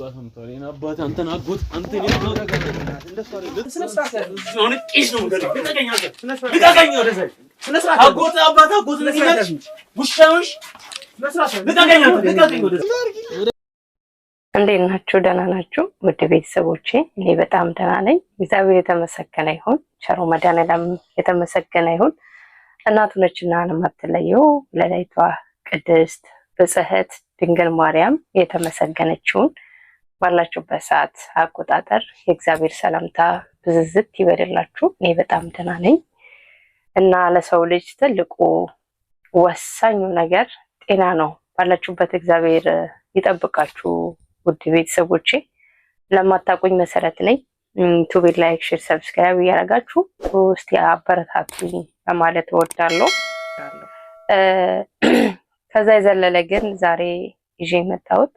አባት አምጣው። አባት አንተን አጎት አንተን እንዴት ናችሁ? ደህና ናችሁ? ውድ ቤተሰቦቼ እኔ በጣም ደህና ነኝ። እግዚአብሔር የተመሰገነ ይሁን። የተመሰገነ ይሁን። እናቱ ነችና ለማትለየው ለላይቷ ቅድስት ብጽሕት ድንግል ማርያም የተመሰገነችውን ባላችሁበት ሰዓት አቆጣጠር የእግዚአብሔር ሰላምታ ብዝዝት ይበደላችሁ። እኔ በጣም ደህና ነኝ እና ለሰው ልጅ ትልቁ ወሳኙ ነገር ጤና ነው። ባላችሁበት እግዚአብሔር ይጠብቃችሁ። ውድ ቤተሰቦቼ ለማታቁኝ መሰረት ነኝ። ዩቱቤን ላይክ፣ ሼር፣ ሰብስክራይብ እያደረጋችሁ ውስጥ አበረታቱኝ ለማለት እወዳለሁ። ከዛ የዘለለ ግን ዛሬ ይዤ መጣሁት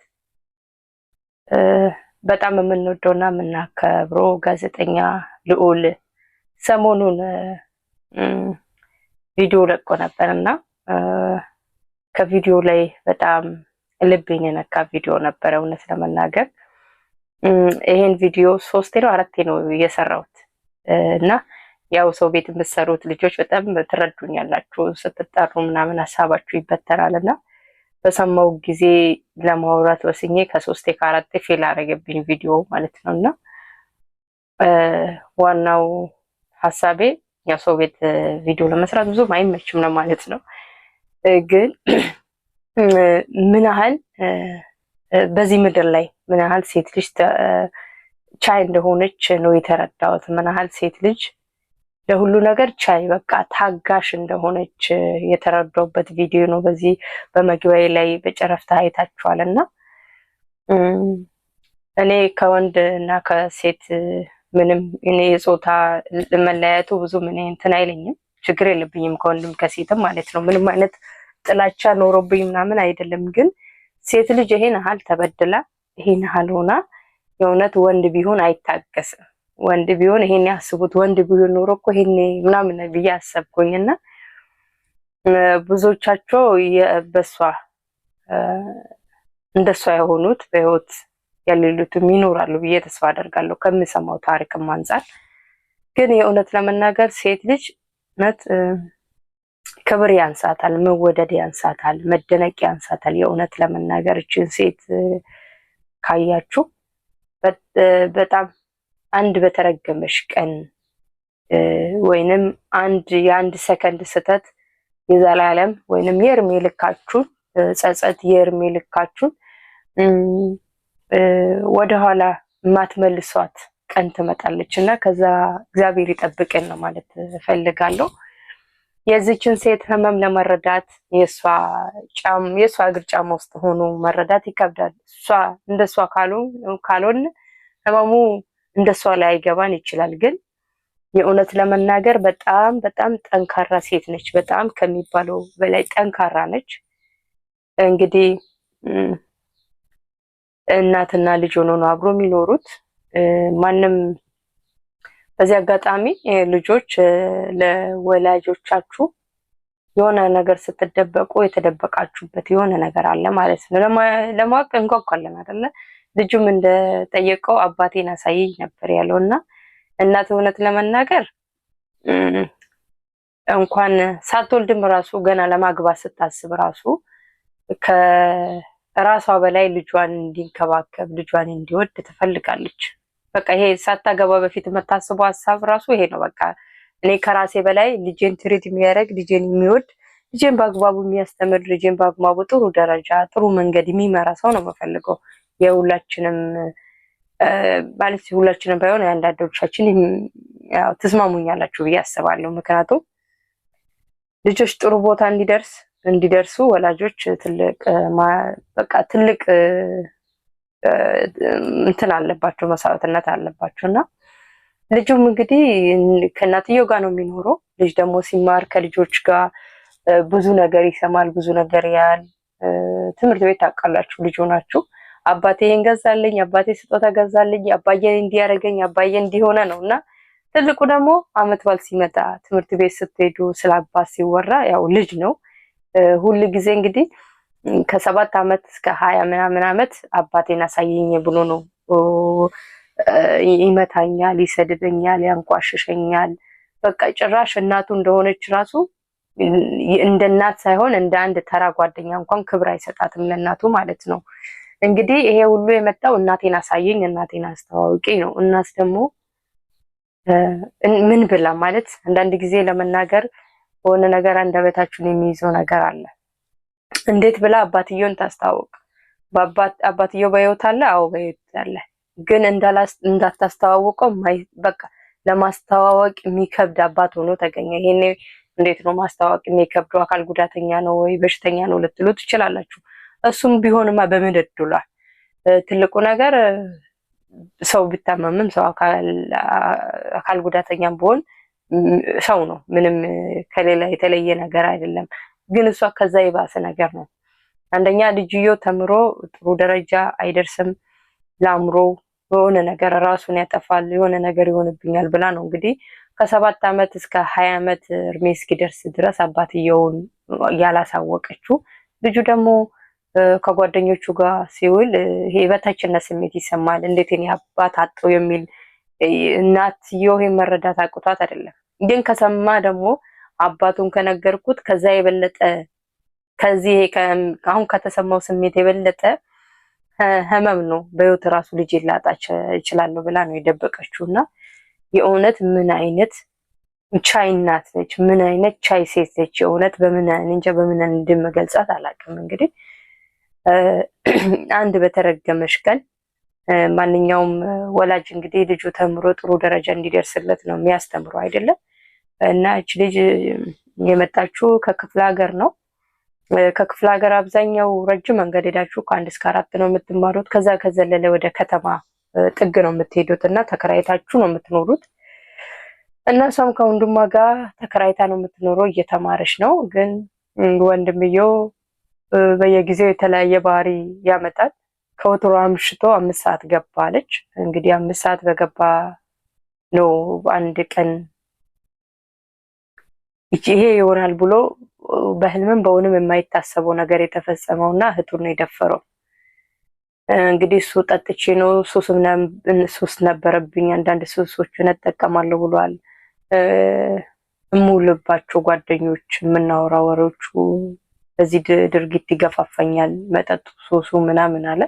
በጣም የምንወደውና የምናከብሮ ጋዜጠኛ ልዑል ሰሞኑን ቪዲዮ ለቆ ነበር እና ከቪዲዮ ላይ በጣም ልቤን የነካ ቪዲዮ ነበረ። እውነት ለመናገር ይሄን ቪዲዮ ሶስቴ ነው አራቴ ነው የሰራሁት እና ያው ሰው ቤት የምትሰሩት ልጆች በጣም ትረዱኛላችሁ። ስትጠሩ ምናምን ሀሳባችሁ ይበተናል እና በሰማው ጊዜ ለማውራት ወስኜ ከሶስቴ ከአራቴ ፌል አረገብኝ ቪዲዮ ማለት ነው። እና ዋናው ሀሳቤ ያው ሰው ቤት ቪዲዮ ለመስራት ብዙም አይመችም ነው ማለት ነው። ግን ምን ያህል በዚህ ምድር ላይ ምን ያህል ሴት ልጅ ቻይ እንደሆነች ነው የተረዳሁት። ምን ያህል ሴት ልጅ ለሁሉ ነገር ቻይ በቃ ታጋሽ እንደሆነች የተረዳውበት ቪዲዮ ነው። በዚህ በመግቢያ ላይ በጨረፍታ አይታችኋል። እና እኔ ከወንድ እና ከሴት ምንም እኔ የፆታ መለያየቱ ብዙ ምን እንትን አይለኝም፣ ችግር የለብኝም ከወንድም ከሴትም ማለት ነው። ምንም አይነት ጥላቻ ኖሮብኝ ምናምን አይደለም። ግን ሴት ልጅ ይሄን ያህል ተበድላ ይሄን ያህል ሆና የእውነት ወንድ ቢሆን አይታገስም። ወንድ ቢሆን ይሄን ያስቡት። ወንድ ቢሆን ኖሮ እኮ ይሄን ምናምን ብዬ አሰብኩኝና ብዙዎቻቸው በሷ እንደሷ የሆኑት በህይወት የሌሉትም ይኖራሉ ብዬ ተስፋ አደርጋለሁ ከምሰማው ታሪክም አንጻር። ግን የእውነት ለመናገር ሴት ልጅ እውነት ክብር ያንሳታል፣ መወደድ ያንሳታል፣ መደነቅ ያንሳታል። የእውነት ለመናገር እችን ሴት ካያችሁ በጣም አንድ በተረገመሽ ቀን ወይንም አንድ የአንድ ሰከንድ ስህተት የዘላለም ወይንም የእድሜ ልካችሁን ጸጸት የእድሜ ልካችሁን ወደኋላ የማትመልሷት ቀን ትመጣለች እና ከዛ እግዚአብሔር ይጠብቅን ነው ማለት እፈልጋለሁ። የዚችን ሴት ህመም ለመረዳት የእሷ እግር ጫማ ውስጥ ሆኖ መረዳት ይከብዳል። እሷ እንደሷ ካልሆን ህመሙ እንደሷ ላይ አይገባን ይችላል። ግን የእውነት ለመናገር በጣም በጣም ጠንካራ ሴት ነች። በጣም ከሚባለው በላይ ጠንካራ ነች። እንግዲህ እናትና ልጅ ሆኖ ነው አብሮ የሚኖሩት። ማንም በዚህ አጋጣሚ ልጆች ለወላጆቻችሁ የሆነ ነገር ስትደበቁ የተደበቃችሁበት የሆነ ነገር አለ ማለት ነው። ለማወቅ እንጓጓለን አይደለ? ልጁም እንደጠየቀው አባቴን አሳየኝ ነበር ያለው እና እናት እውነት ለመናገር እንኳን ሳትወልድም ራሱ ገና ለማግባት ስታስብ ራሱ ከራሷ በላይ ልጇን እንዲንከባከብ ልጇን እንዲወድ ትፈልጋለች። በቃ ይሄ ሳታገባ በፊት የምታስበው ሀሳብ ራሱ ይሄ ነው። በቃ እኔ ከራሴ በላይ ልጄን ትሪት የሚያደርግ ልጄን የሚወድ ልጄን በአግባቡ የሚያስተምር ልጄን በአግባቡ ጥሩ ደረጃ ጥሩ መንገድ የሚመራ ሰው ነው የምፈልገው። የሁላችንም ማለት ሁላችንም ባይሆን የአንዳንዶቻችን ትስማሙኛላችሁ ብዬ አስባለሁ። ምክንያቱም ልጆች ጥሩ ቦታ እንዲደርስ እንዲደርሱ ወላጆች ትልቅ በቃ ትልቅ እንትን አለባቸው መሰረትነት አለባቸው እና ልጁም እንግዲህ ከእናትየው ጋር ነው የሚኖረው። ልጅ ደግሞ ሲማር ከልጆች ጋር ብዙ ነገር ይሰማል፣ ብዙ ነገር ያያል። ትምህርት ቤት ታውቃላችሁ፣ ልጁ ናችሁ አባቴ ይሄን ገዛልኝ፣ አባቴ ስጦታ ገዛልኝ፣ አባዬን እንዲያደርገኝ፣ አባዬን እንዲሆነ ነው እና ትልቁ ደግሞ አመት በዓል ሲመጣ ትምህርት ቤት ስትሄዱ ስለ አባት ሲወራ ያው ልጅ ነው ሁል ጊዜ እንግዲህ ከሰባት አመት እስከ ሀያ ምናምን አመት አባቴን አሳየኝ ብሎ ነው ይመታኛል፣ ይሰድበኛል፣ ያንቋሽሸኛል። በቃ ጭራሽ እናቱ እንደሆነች ራሱ እንደ እናት ሳይሆን እንደ አንድ ተራ ጓደኛ እንኳን ክብር አይሰጣትም ለእናቱ ማለት ነው። እንግዲህ ይሄ ሁሉ የመጣው እናቴን አሳየኝ እናቴን አስተዋውቂ ነው። እናት ደግሞ ምን ብላ ማለት አንዳንድ ጊዜ ለመናገር በሆነ ነገር አንደበታችሁን የሚይዘው ነገር አለ። እንዴት ብላ አባትየውን ታስተዋውቅ? አባትየው በህይወት አለ? አዎ በህይወት አለ። ግን እንዳታስተዋውቀው በቃ ለማስተዋወቅ የሚከብድ አባት ሆኖ ተገኘ። ይሄኔ እንዴት ነው ማስተዋወቅ የሚከብደው? አካል ጉዳተኛ ነው ወይ በሽተኛ ነው ልትሉ ትችላላችሁ። እሱም ቢሆንማ በምን እድሏል። ትልቁ ነገር ሰው ቢታመምም ሰው አካል ጉዳተኛም ቢሆን ሰው ነው። ምንም ከሌላ የተለየ ነገር አይደለም። ግን እሷ ከዛ የባሰ ነገር ነው። አንደኛ ልጅዮ ተምሮ ጥሩ ደረጃ አይደርስም። ለአእምሮ የሆነ ነገር ራሱን ያጠፋል፣ የሆነ ነገር ይሆንብኛል ብላ ነው እንግዲህ ከሰባት ዓመት እስከ ሀያ ዓመት እድሜ እስኪደርስ ድረስ አባትየውን ያላሳወቀችው ልጁ ደግሞ ከጓደኞቹ ጋር ሲውል ይሄ የበታችነት ስሜት ይሰማል። እንዴት እኔ አባት አጣሁ የሚል እናትየው ይሄን መረዳት አቅቷት አይደለም፣ ግን ከሰማ ደግሞ አባቱን ከነገርኩት ከዛ የበለጠ ከዚህ አሁን ከተሰማው ስሜት የበለጠ ህመም ነው። በህይወት ራሱ ልጅ ላጣ እችላለሁ ብላ ነው የደበቀችው። እና የእውነት ምን አይነት ቻይ እናት ነች! ምን አይነት ቻይ ሴት ነች! የእውነት በምን እንጃ በምን እንደምገልጻት አላውቅም እንግዲህ አንድ በተረገመች ቀን ማንኛውም ወላጅ እንግዲህ ልጁ ተምሮ ጥሩ ደረጃ እንዲደርስለት ነው የሚያስተምሩ አይደለም። እና እች ልጅ የመጣችሁ ከክፍለ ሀገር ነው። ከክፍለ ሀገር አብዛኛው ረጅም መንገድ ሄዳችሁ ከአንድ እስከ አራት ነው የምትማሩት። ከዛ ከዘለለ ወደ ከተማ ጥግ ነው የምትሄዱት እና ተከራይታችሁ ነው የምትኖሩት። እና እሷም ከወንድሟ ጋር ተከራይታ ነው የምትኖረው፣ እየተማረች ነው። ግን ወንድምየው በየጊዜው የተለያየ ባህሪ ያመጣል። ከወትሮ አምሽቶ አምስት ሰዓት ገባለች። እንግዲህ አምስት ሰዓት በገባ ነው አንድ ቀን ይሄ ይሆናል ብሎ በህልምም በሆንም የማይታሰበው ነገር የተፈጸመው እና እህቱን ነው የደፈረው። እንግዲህ እሱ ጠጥቼ ነው ሱስ ነበረብኝ፣ አንዳንድ ሱሶችን እጠቀማለሁ ብሏል። እሙልባቸው ጓደኞች፣ የምናወራ ወሬዎቹ በዚህ ድርጊት ይገፋፈኛል መጠጡ፣ ሱሱ ምናምን አለ።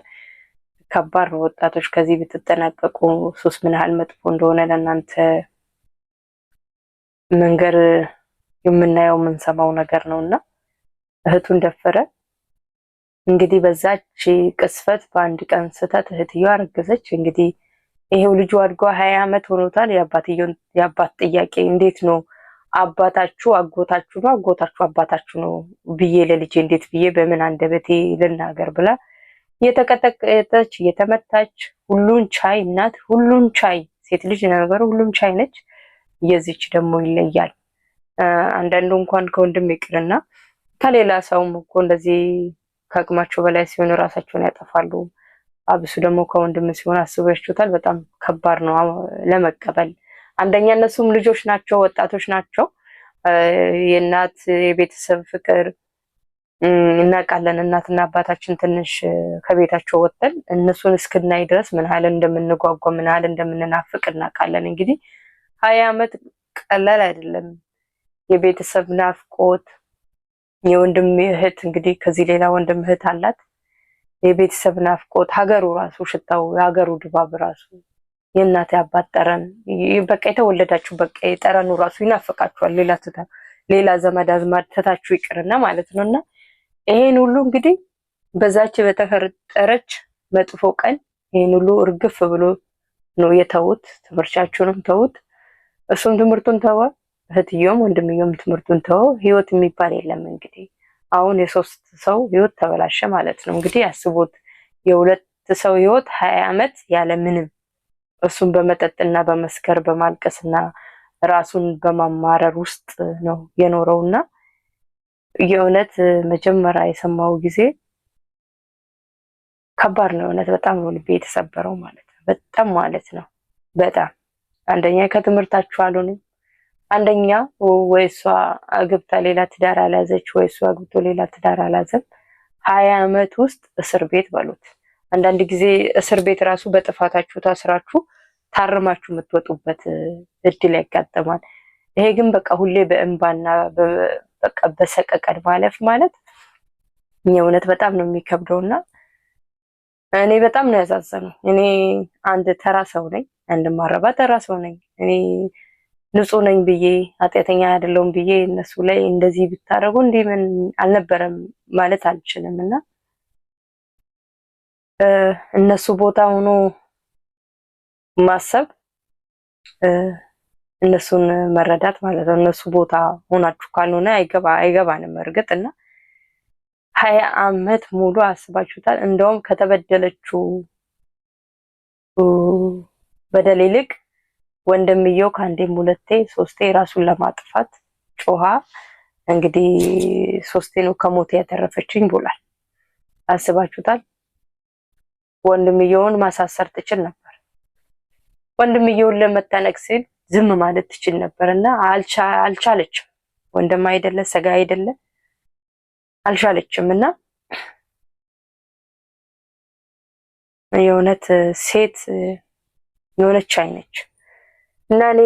ከባድ ነው ወጣቶች፣ ከዚህ ብትጠናቀቁ። ሱስ ምን ያህል መጥፎ እንደሆነ ለእናንተ መንገር የምናየው የምንሰማው ነገር ነው እና እህቱን ደፈረ። እንግዲህ በዛች ቅስፈት በአንድ ቀን ስህተት እህትዮ አረገዘች። እንግዲህ ይሄው ልጁ አድጓ ሀያ ዓመት ሆኖታል። የአባት ጥያቄ እንዴት ነው አባታችሁ አጎታችሁ ነው አጎታችሁ አባታችሁ ነው ብዬ ለልጄ እንዴት ብዬ በምን አንደበቴ ልናገር ብላ የተቀጠቀጠች የተመታች ሁሉን ቻይ እናት፣ ሁሉን ቻይ ሴት ልጅ ነገሩ ሁሉም ቻይ ነች። የዚች ደግሞ ይለያል። አንዳንዱ እንኳን ከወንድም ይቅርና ከሌላ ሰውም እኮ እንደዚህ ከአቅማቸው በላይ ሲሆን ራሳቸውን ያጠፋሉ። አብሱ ደግሞ ከወንድም ሲሆን አስበሽታል። በጣም ከባድ ነው ለመቀበል አንደኛ እነሱም ልጆች ናቸው፣ ወጣቶች ናቸው። የእናት የቤተሰብ ፍቅር እናውቃለን። እናትና አባታችን ትንሽ ከቤታቸው ወጥተን እነሱን እስክናይ ድረስ ምን ያህል እንደምንጓጓ ምን ያህል እንደምንናፍቅ እናውቃለን። እንግዲህ ሀያ ዓመት ቀላል አይደለም። የቤተሰብ ናፍቆት የወንድም እህት እንግዲህ ከዚህ ሌላ ወንድም እህት አላት። የቤተሰብ ናፍቆት ሀገሩ ራሱ ሽታው የሀገሩ ድባብ ራሱ የእናት አባት ጠረን በቃ የተወለዳችሁ በቃ የጠረኑ ራሱ ይናፈቃችኋል። ሌላ ትታ ሌላ ዘመድ አዝማድ ትታችሁ ይቅርና ማለት ነው እና ይሄን ሁሉ እንግዲህ በዛች በተፈጠረች መጥፎ ቀን ይሄን ሁሉ እርግፍ ብሎ ነው የተውት። ትምህርቻችሁንም ተውት፣ እሱም ትምህርቱን ተወ፣ እህትዮም ወንድምዮም ትምህርቱን ተወ። ህይወት የሚባል የለም እንግዲህ አሁን የሶስት ሰው ህይወት ተበላሸ ማለት ነው እንግዲህ ያስቡት። የሁለት ሰው ህይወት ሀያ ዓመት ያለ ምንም እሱን በመጠጥና በመስከር በማልቀስና ራሱን በማማረር ውስጥ ነው የኖረው እና የእውነት መጀመሪያ የሰማው ጊዜ ከባድ ነው። እውነት በጣም ነው ልቤ የተሰበረው ማለት ነው። በጣም ማለት ነው። በጣም አንደኛ ከትምህርታችሁ አልሆንም። አንደኛ ወይ እሷ አግብታ ሌላ ትዳር አላዘች፣ ወይ እሱ አግብቶ ሌላ ትዳር አላዘም። ሀያ አመት ውስጥ እስር ቤት በሉት አንዳንድ ጊዜ እስር ቤት ራሱ በጥፋታችሁ ታስራችሁ ታርማችሁ የምትወጡበት እድል ያጋጥማል። ይሄ ግን በቃ ሁሌ በእንባና በቃ በሰቀቀን ማለፍ ማለት የእውነት በጣም ነው የሚከብደው እና እኔ በጣም ነው ያሳዘነው። እኔ አንድ ተራ ሰው ነኝ፣ አንድ ማረባ ተራ ሰው ነኝ። እኔ ንጹሕ ነኝ ብዬ ኃጢአተኛ አይደለሁም ብዬ እነሱ ላይ እንደዚህ ብታደርጉ እንዲህ ምን አልነበረም ማለት አልችልም እና እነሱ ቦታ ሆኖ ማሰብ እነሱን መረዳት ማለት ነው። እነሱ ቦታ ሆናችሁ ካልሆነ አይገባንም። እርግጥ እና ሀያ አመት ሙሉ አስባችሁታል። እንደውም ከተበደለችው በደል ይልቅ ወንድምየው ከአንዴም ሁለቴ ሶስቴ ራሱን ለማጥፋት ጮሃ እንግዲህ ሶስቴ ነው ከሞት ያተረፈችኝ ብሏል። አስባችሁታል። ወንድምየውን ማሳሰር ትችል ነበር። ወንድምየውን ለመታነቅ ሲል ዝም ማለት ትችል ነበር እና አልቻለችም። ወንድም አይደለ ስጋ አይደለ አልቻለችም እና የእውነት ሴት የሆነች አይነች እና እኔ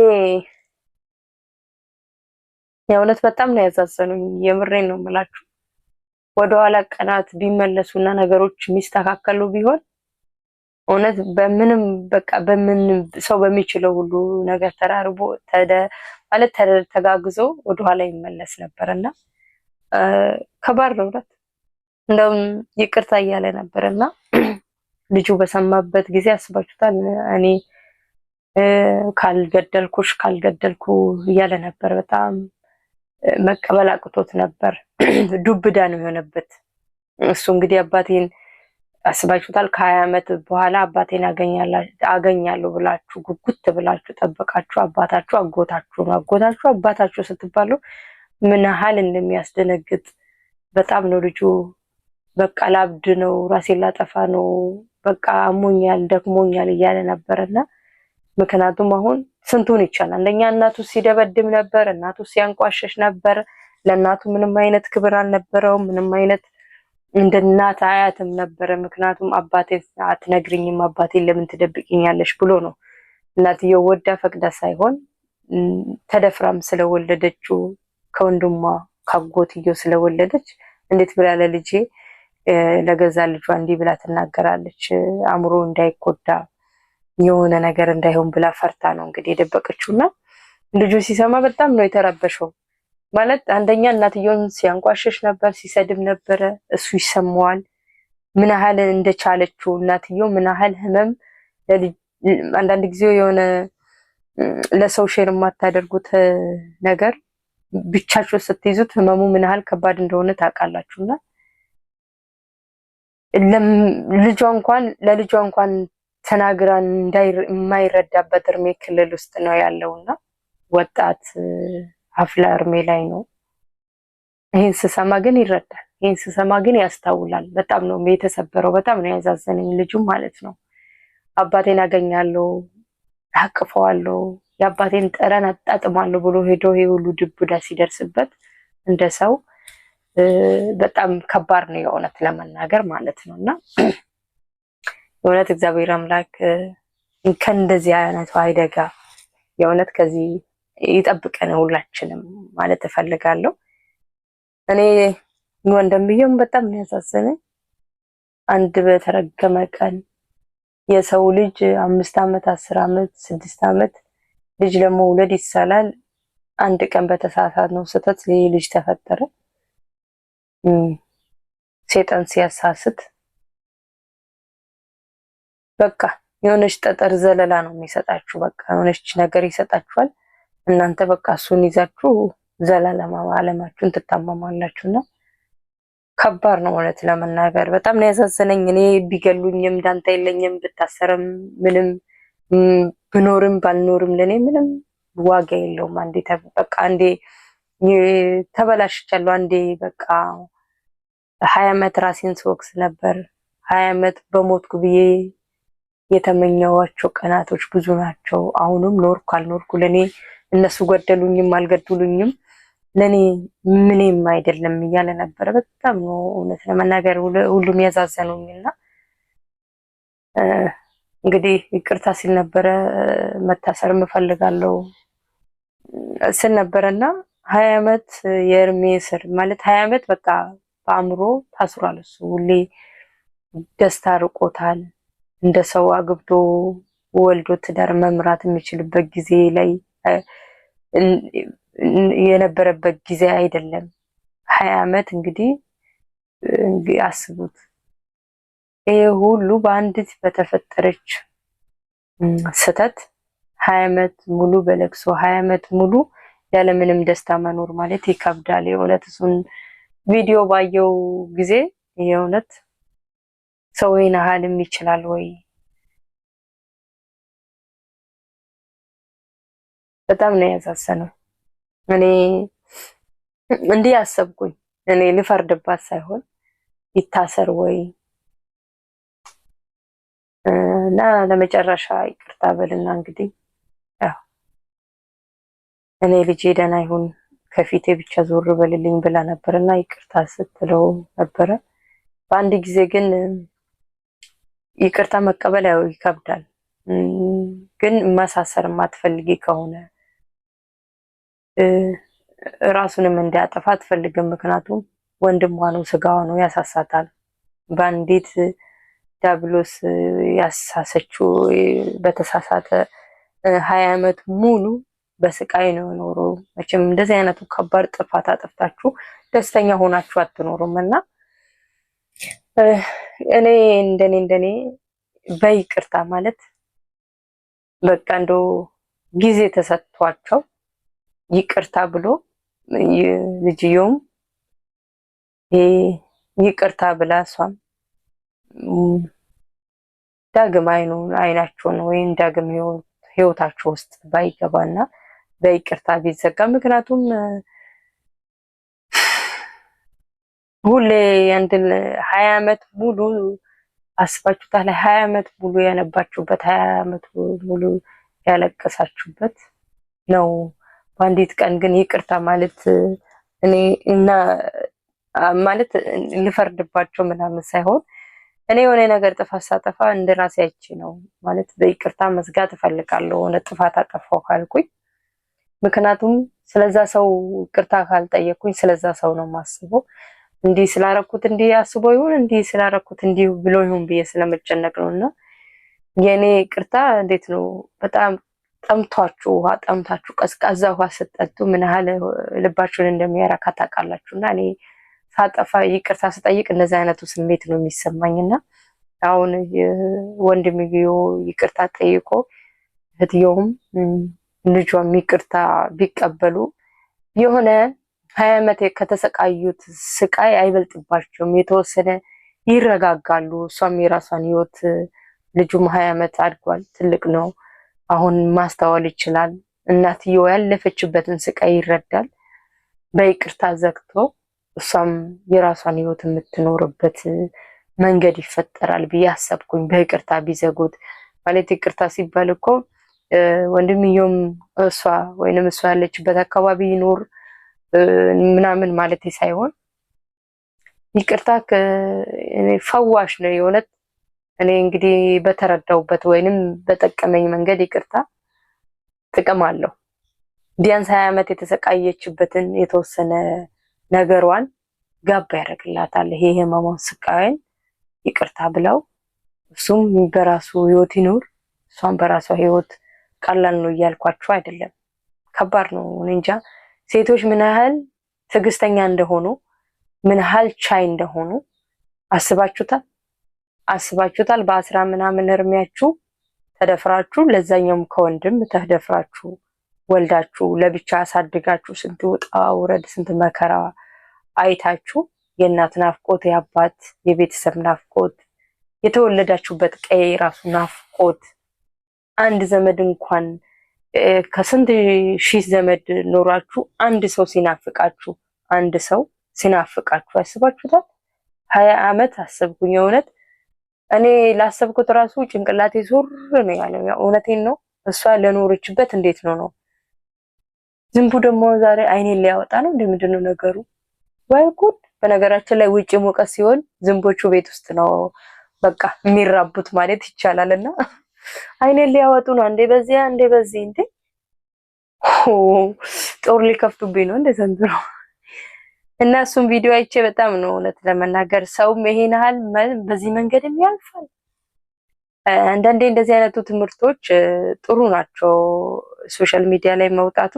የእውነት በጣም ነው ያዛዘኑኝ። የምሬን ነው የምላችሁ። ወደኋላ ቀናት ቢመለሱና ነገሮች የሚስተካከሉ ቢሆን እውነት በምንም በቃ በምን ሰው በሚችለው ሁሉ ነገር ተራርቦ ማለት ተጋግዞ ወደኋላ ይመለስ ነበር እና ከባድ ነው እውነት። እንደውም ይቅርታ እያለ ነበር እና ልጁ በሰማበት ጊዜ አስባችሁታል? እኔ ካልገደልኩሽ ካልገደልኩ እያለ ነበር። በጣም መቀበል አቅቶት ነበር። ዱብዳ ነው የሆነበት እሱ እንግዲህ አባቴን አስባችሁታል? ከሀያ ዓመት በኋላ አባቴን አገኛለሁ ብላችሁ ጉጉት ብላችሁ ጠበቃችሁ አባታችሁ አጎታችሁ ነው። አጎታችሁ አባታችሁ ስትባሉ ምን ያህል እንደሚያስደነግጥ በጣም ነው። ልጁ በቃ ላብድ ነው፣ ራሴን ላጠፋ ነው፣ በቃ አሞኛል፣ ደክሞኛል እያለ እና ምክንያቱም አሁን ስንቱን ይቻላል። አንደኛ እናቱ ሲደበድም ነበር፣ እናቱ ሲያንቋሸሽ ነበር። ለእናቱ ምንም አይነት ክብር አልነበረውም። ምንም አይነት እንደ እናት አያትም ነበረ። ምክንያቱም አባቴ አትነግርኝም አባቴን ለምን ትደብቅኛለሽ ብሎ ነው። እናትየው ወዳ ፈቅዳ ሳይሆን ተደፍራም ስለወለደችው ከወንድሟ ካጎትየው ስለወለደች እንዴት ብላ ለልጄ ለገዛ ልጇ እንዲህ ብላ ትናገራለች? አእምሮ እንዳይጎዳ የሆነ ነገር እንዳይሆን ብላ ፈርታ ነው እንግዲህ የደበቀችውና ልጁ ሲሰማ በጣም ነው የተረበሸው። ማለት አንደኛ እናትየውን ሲያንቋሸሽ ነበር፣ ሲሰድብ ነበረ። እሱ ይሰማዋል ምን ያህል እንደቻለችው እናትየው ምን ያህል ህመም። አንዳንድ ጊዜ የሆነ ለሰው ሼር የማታደርጉት ነገር ብቻችሁ ስትይዙት ህመሙ ምን ያህል ከባድ እንደሆነ ታውቃላችሁና ልጇ እንኳን ለልጇ እንኳን ተናግራ የማይረዳበት እድሜ ክልል ውስጥ ነው ያለውና ወጣት አፍላ እርሜ ላይ ነው። ይህን ስሰማ ግን ይረዳል። ይህን ስሰማ ግን ያስታውላል። በጣም ነው የተሰበረው። በጣም ነው ያዛዘነኝ ልጁ ማለት ነው። አባቴን አገኛለሁ፣ አቅፈዋለሁ፣ የአባቴን ጠረን አጣጥማለሁ ብሎ ሄዶ ይሄ ሁሉ ድቡዳ ሲደርስበት እንደ ሰው በጣም ከባድ ነው የእውነት ለመናገር ማለት ነው። እና የእውነት እግዚአብሔር አምላክ ከእንደዚህ አይነቱ አይደጋ የእውነት ከዚህ ይጠብቀን ሁላችንም ማለት እፈልጋለሁ። እኔ ወንድምየውም በጣም የሚያሳስን አንድ በተረገመ ቀን የሰው ልጅ አምስት ዓመት አስር ዓመት ስድስት ዓመት ልጅ ለመውለድ ይሳላል። አንድ ቀን በተሳሳት ነው ስህተት ይህ ልጅ ተፈጠረ። ሴጠን ሲያሳስት በቃ የሆነች ጠጠር ዘለላ ነው የሚሰጣችሁ። በቃ የሆነች ነገር ይሰጣችኋል። እናንተ በቃ እሱን ይዛችሁ ዘላለማ አለማችሁን ነው ከባድ ነው። እውነት ለመናገር በጣም ነው ያሳዘነኝ። እኔ ቢገሉኝም ዳንታ የለኝም፣ ብታሰርም ምንም ብኖርም ባልኖርም ለእኔ ምንም ዋጋ የለውም። አንዴ በቃ አንዴ ተበላሽቻለሁ። አንዴ በቃ ሀያ ዓመት ራሴን ስወቅስ ነበር። ሀያ ዓመት በሞትኩ ብዬ የተመኘዋቸው ቀናቶች ብዙ ናቸው። አሁንም ኖርኩ አልኖርኩ ለእኔ እነሱ ገደሉኝም አልገደሉኝም ለእኔ ምንም አይደለም እያለ ነበረ። በጣም ነው እውነት ለመናገር ሁሉም ያዛዘኑኝ እና እንግዲህ ይቅርታ ሲል ነበረ መታሰር እፈልጋለሁ ስል ነበረ እና ሀያ አመት የእርሜ ስር ማለት ሀያ አመት በቃ በአእምሮ ታስሯል። እሱ ሁሌ ደስታ ርቆታል። እንደ ሰው አግብቶ ወልዶ ትዳር መምራት የሚችልበት ጊዜ ላይ የነበረበት ጊዜ አይደለም። ሀያ አመት እንግዲህ አስቡት። ይሄ ሁሉ በአንዲት በተፈጠረች ስህተት ሀያ አመት ሙሉ በለቅሶ ሀያ አመት ሙሉ ያለምንም ደስታ መኖር ማለት ይከብዳል። የእውነት እሱን ቪዲዮ ባየው ጊዜ የእውነት ሰው ይህን ያህልም ይችላል ወይ በጣም ነው ያሳሰነው። እኔ እንዲህ ያሰብኩኝ እኔ ልፈርድባት ሳይሆን ይታሰር ወይ እና ለመጨረሻ ይቅርታ በልና እንግዲህ ያው እኔ ልጄ ደህና ይሁን ከፊቴ ብቻ ዞር በልልኝ ብላ ነበር እና ይቅርታ ስትለው ነበረ። በአንድ ጊዜ ግን ይቅርታ መቀበል ያው ይከብዳል። ግን መሳሰር የማትፈልጊ ከሆነ ራሱንም እንዲያጠፋ አትፈልግም። ምክንያቱም ወንድሟ ነው፣ ስጋዋ ነው፣ ያሳሳታል። በአንዲት ዳብሎስ ያሳሰችው በተሳሳተ ሀያ ዓመት ሙሉ በስቃይ ነው ኖሮ። መቼም እንደዚህ አይነቱ ከባድ ጥፋት አጥፍታችሁ ደስተኛ ሆናችሁ አትኖሩም እና እኔ እንደኔ እንደኔ በይቅርታ ማለት በቃ እንደ ጊዜ ተሰጥቷቸው ይቅርታ ብሎ ልጅየውም ይቅርታ ብላ እሷም ዳግም አይኑ አይናቸውን ወይም ዳግም ህይወታቸው ውስጥ ባይገባና በይቅርታ ቢዘጋ ምክንያቱም ሁሌ አንድን ሀያ ዓመት ሙሉ ላይ ሀያ ዓመት ሙሉ ያነባችሁበት ሀያ ዓመት ሙሉ ያለቀሳችሁበት ነው። በአንዲት ቀን ግን ይቅርታ ማለት እኔ እና ማለት ልፈርድባቸው ምናምን ሳይሆን እኔ የሆነ ነገር ጥፋት ሳጠፋ እንደ ራሴ አይቼ ነው ማለት በይቅርታ መዝጋት እፈልጋለሁ። ሆነ ጥፋት አጠፋው ካልኩኝ፣ ምክንያቱም ስለዛ ሰው ቅርታ ካልጠየኩኝ ስለዛ ሰው ነው ማስበው። እንዲህ ስላረኩት እንዲህ አስቦ ይሁን እንዲህ ስላረኩት እንዲህ ብሎ ይሁን ብዬ ስለመጨነቅ ነው እና የእኔ ቅርታ እንዴት ነው በጣም ጠምቷችሁ ውሃ ጠምታችሁ ቀዝቃዛ ውሃ ስጠጡ ምን ያህል ልባችሁን እንደሚያረካ ታውቃላችሁ። እና እኔ ሳጠፋ ይቅርታ ስጠይቅ እንደዚህ አይነቱ ስሜት ነው የሚሰማኝ። እና አሁን ወንድምዮ ይቅርታ ጠይቆ እህትየውም ልጇም ይቅርታ ቢቀበሉ የሆነ ሀያ ዓመት ከተሰቃዩት ስቃይ አይበልጥባቸውም። የተወሰነ ይረጋጋሉ። እሷም የራሷን ህይወት ልጁም ሀያ ዓመት አድጓል፣ ትልቅ ነው አሁን ማስተዋል ይችላል። እናትየው ያለፈችበትን ስቃይ ይረዳል። በይቅርታ ዘግቶ እሷም የራሷን ህይወት የምትኖርበት መንገድ ይፈጠራል ብዬ አሰብኩኝ። በይቅርታ ቢዘጉት ማለት ይቅርታ ሲባል እኮ ወንድምየውም እሷ ወይንም እሷ ያለችበት አካባቢ ይኖር ምናምን ማለት ሳይሆን ይቅርታ ፈዋሽ ነው የእውነት እኔ እንግዲህ በተረዳውበት ወይንም በጠቀመኝ መንገድ ይቅርታ ጥቅም አለው። ቢያንስ ሀያ ዓመት የተሰቃየችበትን የተወሰነ ነገሯን ጋባ ያደርግላታል። ይሄ የህመሟን ስቃይን ይቅርታ ብለው እሱም በራሱ ህይወት ይኑር፣ እሷም በራሷ ህይወት። ቀላል ነው እያልኳቸው አይደለም፣ ከባድ ነው። እንጃ ሴቶች ምን ያህል ትዕግስተኛ እንደሆኑ ምን ያህል ቻይ እንደሆኑ አስባችሁታል? አስባችሁታል? በአስራ ምናምን እርሜያችሁ ተደፍራችሁ ለዛኛውም ከወንድም ተደፍራችሁ ወልዳችሁ ለብቻ አሳድጋችሁ ስንት ውጣ ውረድ ስንት መከራ አይታችሁ የእናት ናፍቆት የአባት የቤተሰብ ናፍቆት የተወለዳችሁበት ቀይ ራሱ ናፍቆት አንድ ዘመድ እንኳን ከስንት ሺህ ዘመድ ኖሯችሁ አንድ ሰው ሲናፍቃችሁ አንድ ሰው ሲናፍቃችሁ አስባችሁታል? ሀያ አመት አሰብኩኝ። የእውነት እኔ ላሰብኩት ራሱ ጭንቅላቴ ሱር ነው ያለው። እውነቴን ነው። እሷ ለኖረችበት እንዴት ነው ነው ዝንቡ ደግሞ ዛሬ አይኔን ሊያወጣ ነው። እንደምንድን ነው ነገሩ? ወይ ጉድ! በነገራችን ላይ ውጭ ሙቀት ሲሆን ዝንቦቹ ቤት ውስጥ ነው በቃ የሚራቡት ማለት ይቻላል። እና አይኔን ሊያወጡ ነው። እንዴ በዚያ እንዴ በዚህ እንዴ ጦር ሊከፍቱብኝ ነው እንደ ዘንድሮ እና እሱም ቪዲዮ አይቼ በጣም ነው እውነት ለመናገር ሰውም ይሄን ያህል በዚህ መንገድም ያልፋል። አንዳንዴ እንደዚህ አይነቱ ትምህርቶች ጥሩ ናቸው፣ ሶሻል ሚዲያ ላይ መውጣቱ።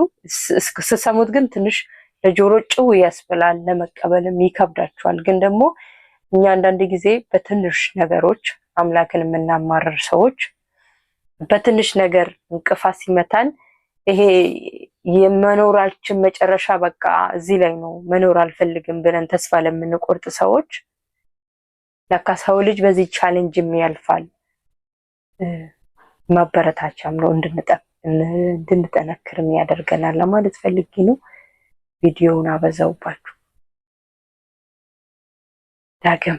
ስሰሙት ግን ትንሽ ለጆሮ ጭው ያስብላል፣ ለመቀበልም ይከብዳቸዋል። ግን ደግሞ እኛ አንዳንድ ጊዜ በትንሽ ነገሮች አምላክን የምናማርር ሰዎች በትንሽ ነገር እንቅፋት ሲመታን ይሄ የመኖራችን መጨረሻ በቃ እዚህ ላይ ነው መኖር አልፈልግም ብለን ተስፋ ለምንቆርጥ ሰዎች ለካ ሰው ልጅ በዚህ ቻሌንጅም ያልፋል። ማበረታቻም ነው እንድንጠነክርም ያደርገናል ለማለት ፈልጌ ነው። ቪዲዮውን አበዛውባችሁ። ዳግም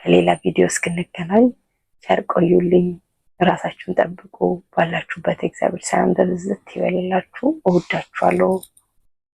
በሌላ ቪዲዮ እስክንገናኝ ቸር ቆዩልኝ። ራሳችሁን ጠብቁ። ባላችሁበት እግዚአብሔር ሰላም በብዝት ይበልላችሁ። እወዳችኋለሁ።